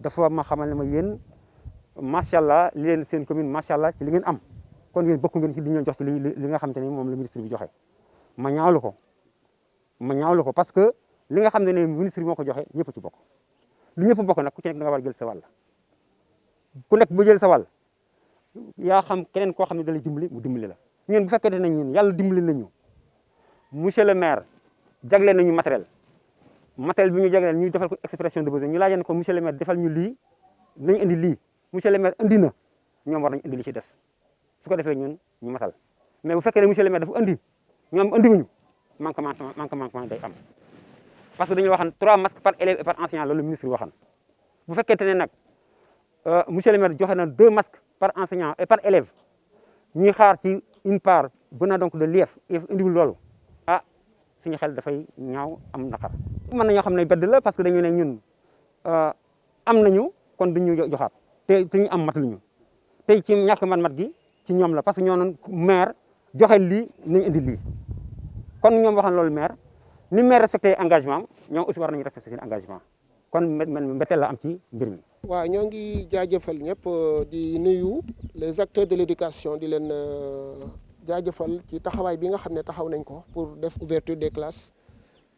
dafa ma xamal ne ma yéen macha allah li leen seen commune macha allah ci li ngeen am kon yéen bokk ngeen ci li ñu jox ci li li nga xam te ne moom la ministre bi joxe ma ñaawlu ko ma ñaawlu ko parce que li nga xam ne ne bi moo ko joxe ñëpp ci bokk lu ñëpp bokk nag ku ci nekk da nga war a jël sa ku nekk bu jël sawal wàll yaa xam keneen koo xam ne da lay dimbali mu dimbali la ñun bu fekkee ne ñun yàlla dimbali nañu monsieur le maire jagleel nañu matériel matériel bi ñu jagleel ñu defal ko expression de besoin ñu laajee ne ko monsieur le maire defal ñu lii nañ indi lii monsieur le maire indi na ñoom war nañ indi li ci des su ko defee ñun ñu matal mais bu fekkee ne monsieur le maire dafa indi ñoom man manquement manquement day am parce que dañu waxan trois masques par élève et par enseignant loolu ministre bi waxan bu fekkente ne nag euh, monsieur le maire joxe na deux masques par enseignant et par élève ñuy xaar ci une part venant donc de l'IEF indiwul loolu ah suñu xel dafay ñaaw am naqar man nañu xamné ne la parce que dañu né ñun euh am nañu kon duñu joxat té te ñu am mat luñu té ci ñak man mat gi ci ñom la parce que ñoo maire joxé li ñu indi li kon ñom waxan lool maire ni maire respecté engagement ñoo aussi war nañu respecté seen engagement kon man mbété la am ci mbir mi. wa ñoo ngi jaajeufal ñep euh, di nuyu les acteurs de l'éducation di len euh, jaajeufal ci taxaway bi nga xamné taxaw nañ ko pour def ouverture des classes.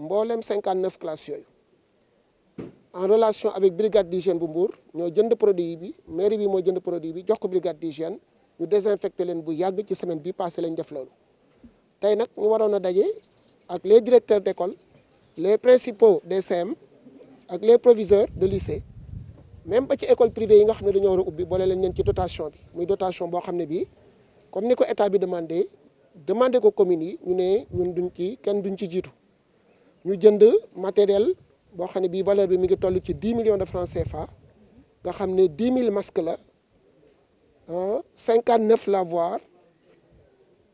mboolem 59 classes yo. en relation avec brigade d'hygiène bu Mbour ñoo jënd produit bi mairie bi moo jënd produit bi jox ko brigade d'hygiène nous désinfecter les bu yàgg ci semaine bi passé lañ def loolu tey nag ñu waroon les directeurs d'école les principaux des CM ak les proviseurs de lycée même ba ci école privée yi nga xam ne dañoo war a ubbi boole leen leen ci dotation bi dotation comme nous état bi demandé demandé ko communes nous ñu ne ñun duñ ci kenn duñ ci ñu jënd matériel matériels xamné bi valeur bi 10 millions de francs CFA nga xamné 10 000 masques la 59 euh, lavoirs,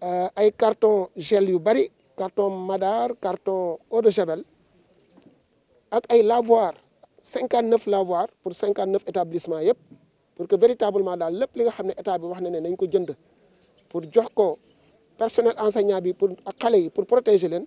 euh, ay carton gel yu bari carton madar carton eau de javel ak ay lavoir 59 lavoirs pour 59 établissements. pour que véritablement les lepp li nga pour jox personnel enseignant pour pour protéger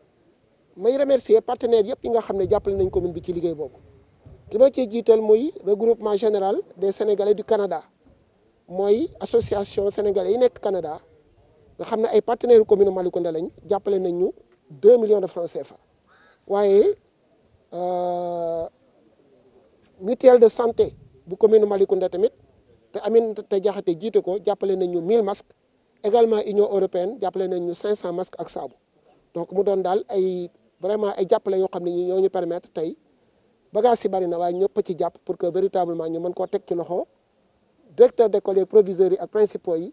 may remercier partenaires yëpp yi nga xam ne jàppale nañ commune bi ci liggéey boobu ki ma cee jiital mooy regroupement général des sénégalais du Canada mooy association sénégalais yi nekk Canada nga xam ne ay partenaires commune Malicounda lañ jàppale nañ ñu 2 millions de francs CFA waaye euh, mutuelle de santé bu commune Malicounda tamit te te Diakhaté jiite ko jàppale nañ ñu 1000 masques également Union européenne jàppale nañ ñu 500 masques ak saabu donc mu doon daal ay. vraiment ay jàppale yoo xam ne ñi ñoo ñu permettre tey bagage yi bari na waaye ñëpp ci jàpp pour que véritablement ñu man koo teg ci loxo directeur d'école yi proviseurs yi ak principaux yi